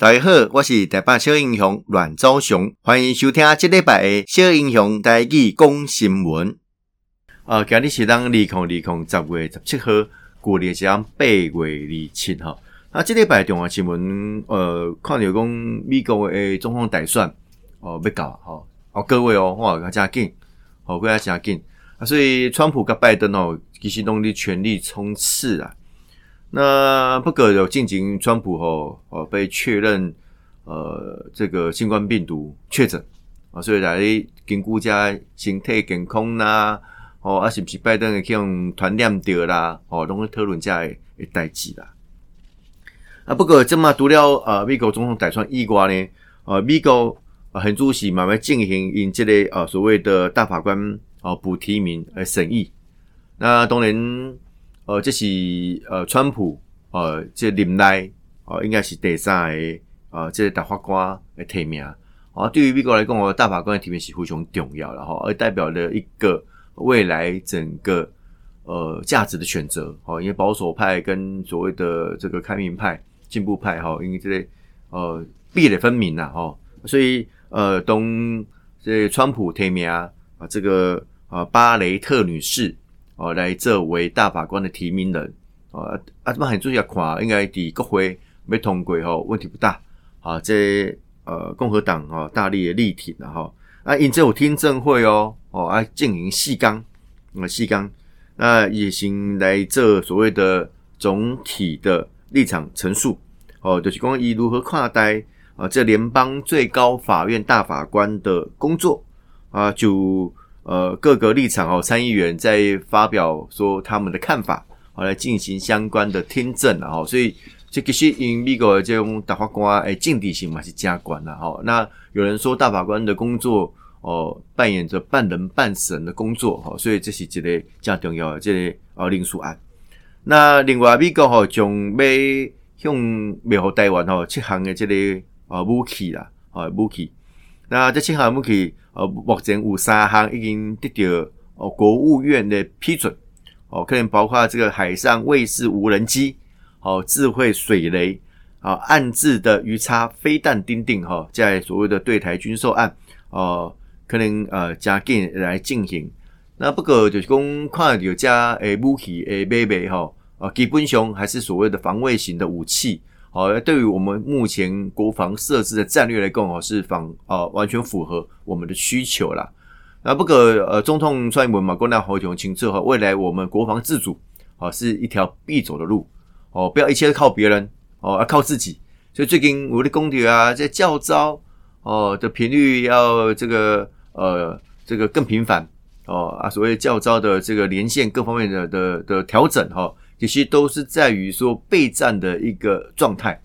大家好，我是台北小英雄阮昭雄，歡迎收聽這禮拜嘅小英雄台語講新聞。啊，今日是二零二零年，十月十七號舊曆，是當八月二十七號。那這禮拜重要新聞，呃，看到講美國嘅總統大選哦，要到了，哈，哦，各位哦，我講真緊，好，我也真緊。所以，川普甲拜登哦，其實都咧全力衝刺啊。那不過有進行川普吼哦，哦被確認呃這個新冠病毒確診啊，所以來兼顧家身體健康啦、啊，哦啊是不是拜登的這用團練掉啦？哦，攏在討論家的代志啦。啊，不過這麼讀了呃美國總統大選以外呢，呃美國很主席慢慢進行因這類、個、啊、呃、所謂的大法官哦補、呃、提名而審議，那當然。呃，這是呃，川普呃，這林奈呃，應該是第三個呃，這大法官的提名。啊、呃，對於美國來講，哦，大法官的提名是非常重要的哈、呃，而代表了一個未來整個呃價值的選擇、呃。因為保守派跟所謂的這個開明派、進步派哈、呃，因為這類、個、呃壁壘分明啦。哈、呃，所以呃，當這川普提名啊、呃，這個呃巴雷特女士。哦，來做為大法官的提名人，哦，啊，這麼很注意也看，應該在國會要通過吼，問題不大。好、啊，這呃共和黨哦、啊、大力的力挺了、啊、哈。啊，因這有聽證會哦，哦，啊，進行細綱，啊、嗯，細綱，那也行來做所謂的總體的立場陳述。哦、啊，就是關於如何看待啊這聯邦最高法院大法官的工作啊就。呃，各個立場哦，參議員在發表說他們的看法，好、哦、來進行相關的聽證吼、哦，所以，這個是因為美國的這種大法官的政治性嘛，是加官了哈。那有人說大法官的工作哦，扮演着半人半神的工作吼、哦，所以這是一個加重要的這類呃，聆訊案。那另外，美國吼、哦，將要向美國台灣吼、哦、七項的這類呃武器啦，啊、哦、武器。那這七項武器，呃，目前有三項已經得到哦國務院的批准，哦，可能包括這個海上衛士無人機、哦智慧水雷、啊岸置的魚叉飛彈等等哈，在所謂的對台軍售案，哦，可能呃加緊來進行。那不過就是講，看到加誒武器誒買賣哈，呃基本上還是所謂的防衛型的武器。好，對於我們目前國防設置的戰略來講，哦，是防啊，完全符合我們的需求啦。那不可呃，中統傳媒馬國南侯瓊清說哈，未來我們國防自主啊，是一條必走的路哦，不要一切都靠別人哦，要靠自己。所以最近武力攻台啊，在校招哦的頻率要這個呃這個更頻繁哦啊，所謂校招的這個連線各方面的的的調整哈。其實都是在於說備戰的一個狀態，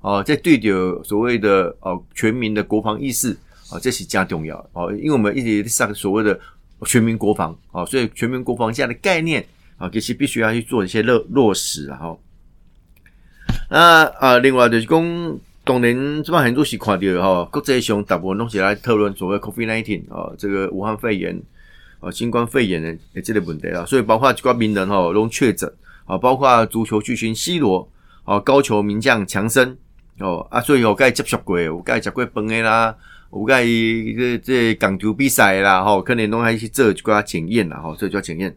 哦，在對待所謂的哦全民的國防意識，哦，這是加重要的哦，因為我們一直在上所謂的全民國防哦，所以全民國防這樣的概念啊、哦，其實必須要去做一些落落實、啊，然、哦、後，那啊另外就是講，當然這邊很多是看到哈、哦，國際上大部分攏是來討論所謂 COVID nineteen 哦，這個武漢肺炎哦，新冠肺炎的這個問題啊、哦，所以包括幾個名人哈、哦、攏確診。啊，包括足球巨星 C 羅，哦，高球名將強森，哦，啊，所以有接觸過，有介食過飯啦，有介這這港球比賽啦，吼，可能都還是做一寡檢驗啦，吼，所以叫檢驗。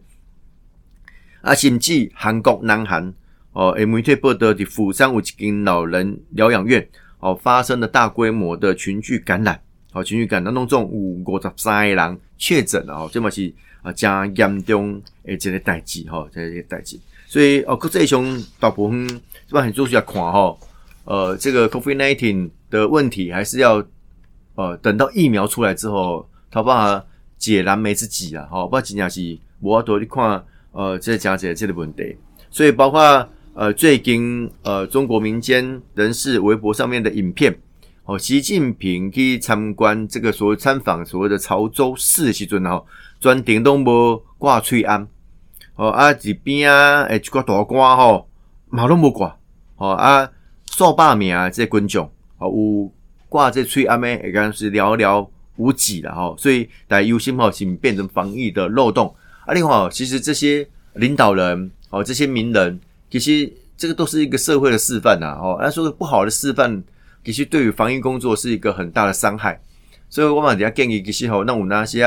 啊，甚至韓國南韓哦 m e t e 的釜山有一間老人療養院哦，發生了大規模的群聚感染，好，群聚感染當中有五十三個人確診啊，這麼是啊，真嚴重的一個代志，吼，這個代志。所以哦，這一種大部分，萬很重視來看吼、哦，呃，這個 COVID-19 的問題還是要呃等到疫苗出來之後，他把、啊、解燃眉之急啦，吼、哦，不然真正是無法度去看，呃，這加這這個問題。所以包括呃最近呃中國民間人士微博上面的影片，哦，習近平去參觀這個所謂參訪所謂的潮州市的時陣吼、哦，全場攏無掛喙罨。哦啊，一邊啊，誒，一個大官吼，冇攏無掛，吼、哦，啊，數百名這些觀眾，哦有掛這吹阿妹，誒，敢是寥寥無幾了吼、哦，所以，大家有心號線、哦、變成防疫的漏洞。啊，另外，其實這些領導人，哦，這些名人，其實這個都是一個社會的示範吶、啊，哦，啊，說個不好的示範，其實對於防疫工作是一個很大的傷害，所以，我們底下建議其實吼、哦，那有哪些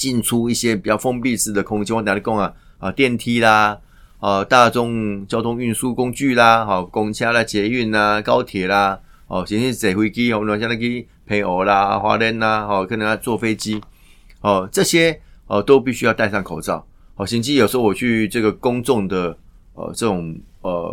進出一些比較封閉式的空間，我跟你講啊，啊，電梯啦，啊，大眾交通運輸工具啦，好、啊，公車運、啊、啦，捷運啦，高鐵啦，哦、啊，甚至坐飛機，我們像那個澎湖啦、花蓮吶，哦，可能要坐飛機，哦、啊，這些哦、啊、都必須要戴上口罩。哦、啊，甚至有時候我去這個公眾的呃、啊、這種呃、啊、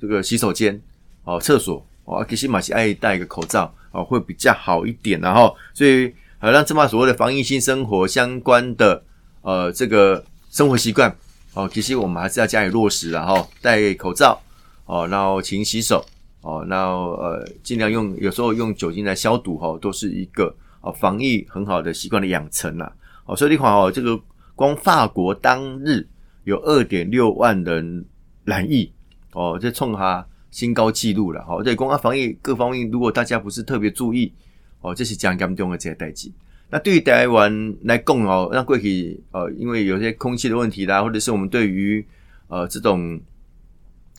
這個洗手間哦廁所，哦、啊，還是馬西愛戴一個口罩啊會比較好一點、啊，然後所以。好，那這麼所謂的防疫性生活相關的，呃，這個生活習慣，哦，其實我們還是要加以落實了哈，戴口罩，哦，然後勤洗手，哦，然後呃，盡量用有時候用酒精來消毒哈，哦，都是一個哦防疫很好的習慣的養成啦，哦，所以的話哦，這個、就是、光法國當日有二點六萬人染疫，哦，這衝他新高紀錄了哈，而且公安防疫各方面，如果大家不是特別注意。哦，這是講講中的這些代誌。那對於台灣來講哦，那過去呃，因為有些空氣的問題啦，或者是我們對於呃這種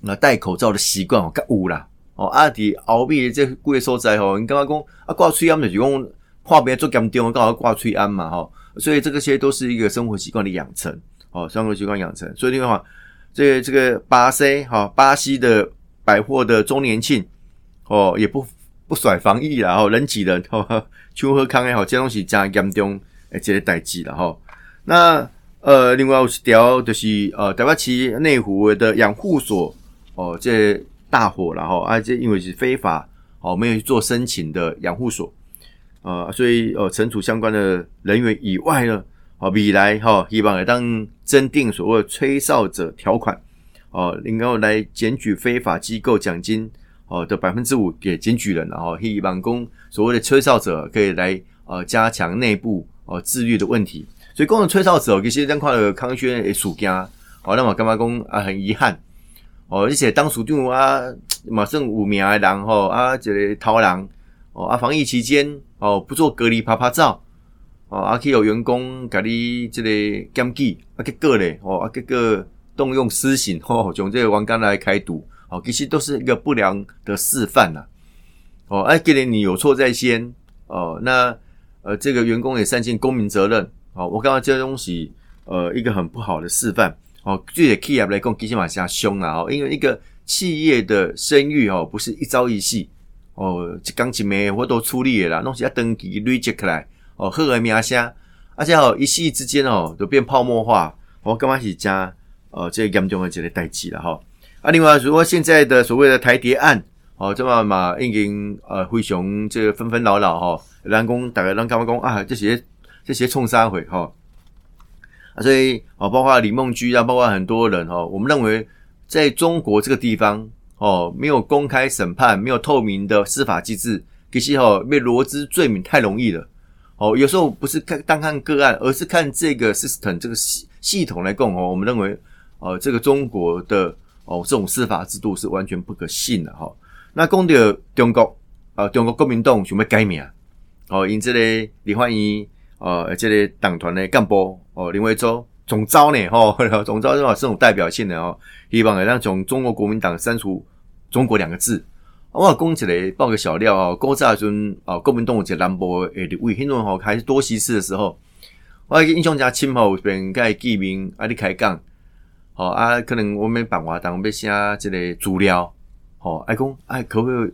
呃，戴口罩的習慣哦，更烏啦哦，阿弟熬的這幾個所在哦，你剛剛講啊掛嘴煙就是講別邊做剛丟剛好掛吹煙嘛哈、哦，所以這個些都是一個生活習慣的養成哦，生活習慣養成。所以的話、哦，這個、這個巴西哈、哦，巴西的百貨的周年慶哦，也不。不甩防疫，然後人擠人吼，搶好康也好，這東西真嚴重，哎，這個代志了吼。那呃，另外有一條就是呃，台北市內湖的養護所哦、呃，這大火啦，後、呃、啊，這因為是非法哦、呃，沒有去做申請的養護所呃，所以呃，懲處相關的人員以外呢，哦、呃，未來哈、呃，希望會當增訂所謂吹哨者條款哦，另、呃、外來檢舉非法機構獎金，哦的百分之五給檢舉人，然、哦、後希望講所謂的吹哨者可以來呃加強內部呃自律的問題。所以講人吹哨者其實咱看了康軒的事件，哦，那麼感覺講啊很遺憾哦。而且當時署長啊，馬上有名的人吼、哦、啊，一、這個頭人哦啊，防疫期間哦不做隔離趴趴走哦，啊，可以有員工給你這個檢舉啊，結果呢，哦啊，結果動用私刑吼，從這王剛來開賭。好、哦，其實都是一個不良的示範吶、啊。哦，哎、啊，既然你有錯在先，哦、呃，那呃，這個員工也善盡公民責任。哦、這個呃，我剛剛這個呃這個、東西，呃，一個很不好的示範。哦，具體企業來講，其實西亞凶啊！哦，因為一個企業的聲譽哦，不是一朝一夕。哦，一剛一沒我都處理了，弄要登記 reject 來，哦，赫爾名聲，而且哦，一夕之間哦，都變泡沫化。我剛嘛是加？呃這個、嚴重的這個代志了哈。哦啊，另外，如果現在的所謂的台諜案，哦，這麼嘛，已經呃，灰熊這個紛紛擾擾哈，藍公大概讓干嘛公啊，這些這些衝殺毀哈，啊、哦，所以啊、哦，包括李孟居啊，包括很多人哦，我們認為在中國這個地方哦，沒有公開審判，沒有透明的司法機制，其實哦，被羅織罪名太容易了，哦，有時候不是看單看個案，而是看這個 system 這個系系統來講哦，我們認為哦，這個中國的。哦，這種司法制度是完全不可信的，啊、吼、哦。那講到中國，呃，中國國民黨想要改名，哦，因此嘞，立法院，呃，這個黨團的幹部，哦，林為洲總召呢，吼，總召這種代表性的哦，希望也能從中國國民黨刪除“中國”兩個字。哦，我講一個爆個小料哦，古早時陣，哦，國民黨有一個南部的立委，呃、哦，為慶祝好開始多西事的時候，我一個深雄有親口變改改名，啊，你開講。哦啊，可能我們辦活動，要寫這個資料，哦，還講哎、啊，可不可以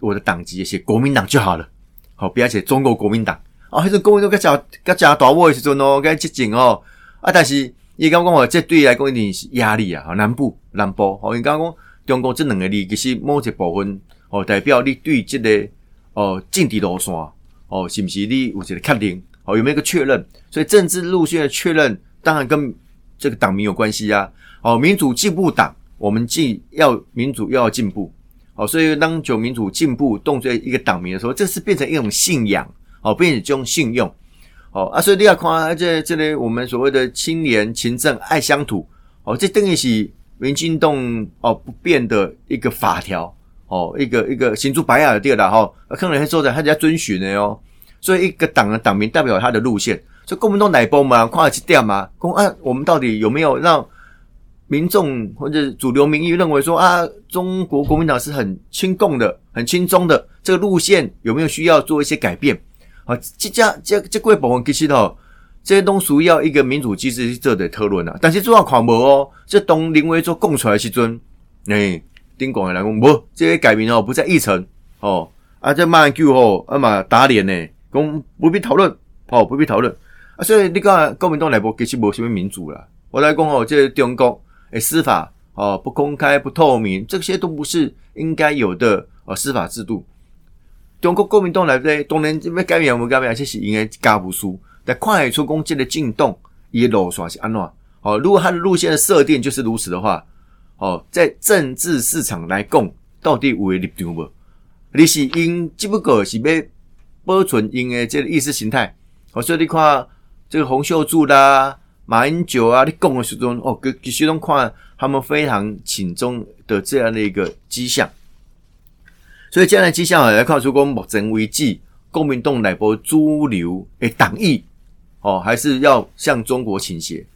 我的黨籍寫國民黨就好了？好、哦，不要寫中國國民黨。哦，迄陣國民黨加加大波的時陣哦，加激進哦。啊，但是伊剛剛講話，這對來講一定是壓力啊。哦，南部南部吼，你剛剛講中國這兩個字，其實某一部分哦，代表你對這個哦政治路線哦，是不是你有一個確定？哦，有沒有一個確認？所以政治路線的確認，當然跟。這個黨民有關係呀、啊，哦，民主進步黨，我們既要民主又要進步，哦，所以當九民主進步動作一個黨民的時候，這是變成一種信仰，哦，變成一種信用，哦，啊，所以你要看這這裡我們所謂的清廉勤政愛鄉土，哦，這等於是民進黨哦不變的一個法條，哦，一個一個行出白牙的第二個哈，可能說的他就要遵循的喲、哦，所以一個黨的黨名代表他的路線。這國民黨內部嘛，跨幾掉嘛？公啊，我們到底有沒有讓民眾或者主流民意認為說啊，中國國民黨是很親共的、很親中的這個路線有沒有需要做一些改變？啊，這這這各位朋友，這其實哦，這些都屬於要一個民主機制這得討論啊。但是主要跨無哦，這東臨危做共出來的時尊，哎，丁廣來講不，這些改名哦不在議程哦，啊這罵人叫吼，阿馬打臉呢，公不必討論，好、哦、不必討論。啊，所以你看國民黨內部其實無什麼民主啦。我來講哦，即、這個、中國誒司法哦不公開不透明，這些都不是應該有的哦司法制度。中國國民黨內部當然這邊改變無改變，而且是應該加不輸。但看海出攻擊的進動伊的路線是安怎？哦，如果他的路線的設定就是如此的話，哦，在政治市場來講，到底有立場無？你是因只不過是要保存因的即個意識形態、哦。所以你看。這個洪秀柱啦，啊、馬英九啊，你講的時候哦，跟跟書中看，他們非常親中的這樣的一個跡象。所以這樣的跡象也要看出，說目前為止，國民黨內部主流誒黨意哦，還是要向中國傾斜。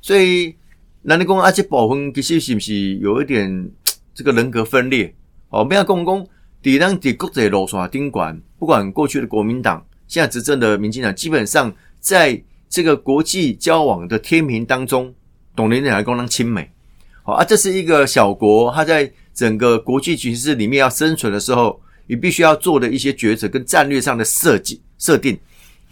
所以，那你講啊，這部分其實是不是有一點這個人格分裂？哦，沒有，講講，抵當在國際，老耍丁管，不管過去的國民黨，現在執政的民進黨，基本上。在這個國際交往的天平當中，董連長來充當親美，好啊，這是一個小國，他在整個國際局勢裡面要生存的時候，你必須要做的一些抉擇跟戰略上的設計設定。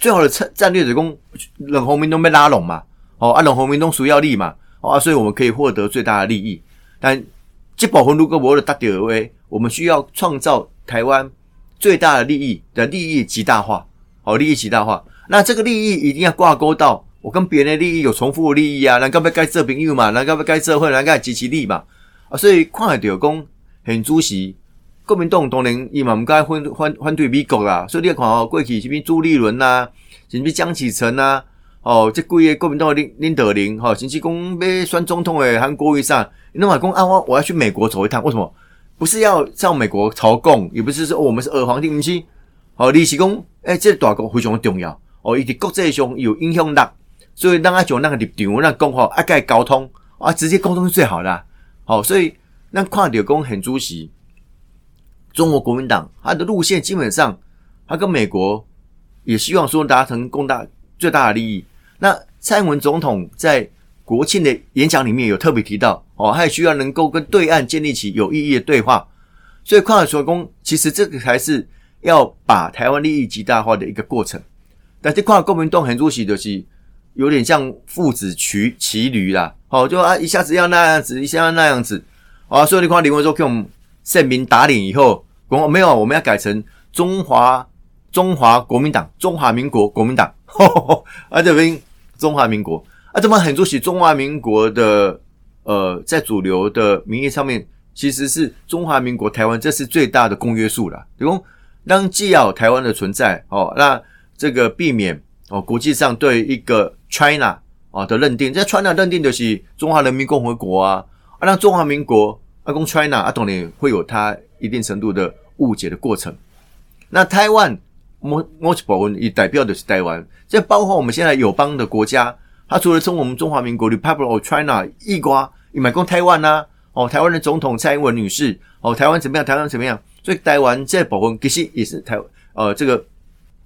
最好的策戰略是攻冷鴻明都要拉攏嘛，哦啊，冷鴻明都需要利嘛，哦，啊，所以我們可以獲得最大的利益。但吉寶宏如果為的打掉，我們需要創造台灣最大的利益的利益極大化，好，利益極大化。那這個利益一定要掛鈎到我跟別人的利益有重複的利益啊？人家不該該這朋友嘛？人家不該該社會？人家支持你嘛？啊，所以看跨掉講，韓主席，國民黨當然伊嘛毋該反反反對美國啦。所以你看哦，過去什物朱立倫吶、啊，什麼江啟臣吶、啊，哦，這幾個國民黨領領導人吼、哦，甚至講要選總統的韓國瑜，另外講啊我我要去美國走一趟，為什麼？不是要向美國朝貢，也不是說我們是兒皇帝，不、哦、是？好，你是講，誒，這個、大國非常重要。哦，伊佇國際上有影響力，所以讓阿講那個立場，那講話愛介溝通啊，直接溝通是最好的。好、哦，所以讓跨德工很主席，中國國民黨他的路線基本上，他跟美國也希望說達成共大最大的利益。那蔡英文總統在國慶的演講裡面有特別提到，哦，他也需要能夠跟對岸建立起有意義的對話。所以跨德成功，其實這個才是要把台灣利益極大化的一個過程。但這塊國民黨很多席的是有點像父子騎騎驢啦，好就啊一下子要那樣子，一下子要那樣子啊，所以你塊民國說給我們聖民打臉以後，國沒有我們要改成中華中華國民黨中華民國國民黨啊這邊中華民國啊這麼很多席中華民國的，呃，在主流的民意上面其實是中華民國台灣，這是最大的公約數了，用讓既要台灣的存在哦、喔、那。這個避免哦，國際上對一個 China 啊、哦、的認定，這 China 認定的是中華人民共和國啊，啊讓中華民國啊講 China 啊，當然會有它一定程度的誤解的過程。那台灣 i w a n m 也 l e 代表的是台灣，這包括我們現在友邦的國家，它除了中我們中華民國 e p u b l i c of China，秘瓜也買供台灣吶、啊，哦，台灣的總統蔡英文女士，哦，台灣怎麼樣？台灣怎麼樣？所以台灣在保護，其實也是台呃這個。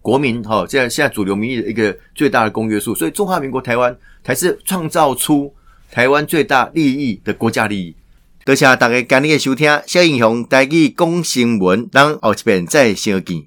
國民哈，現在現在主流民意的一個最大的公約數，所以中華民國台灣才是創造出台灣最大利益的國家利益。多謝大家今日的收聽，小英雄帶記講新聞，咱下一遍再相見。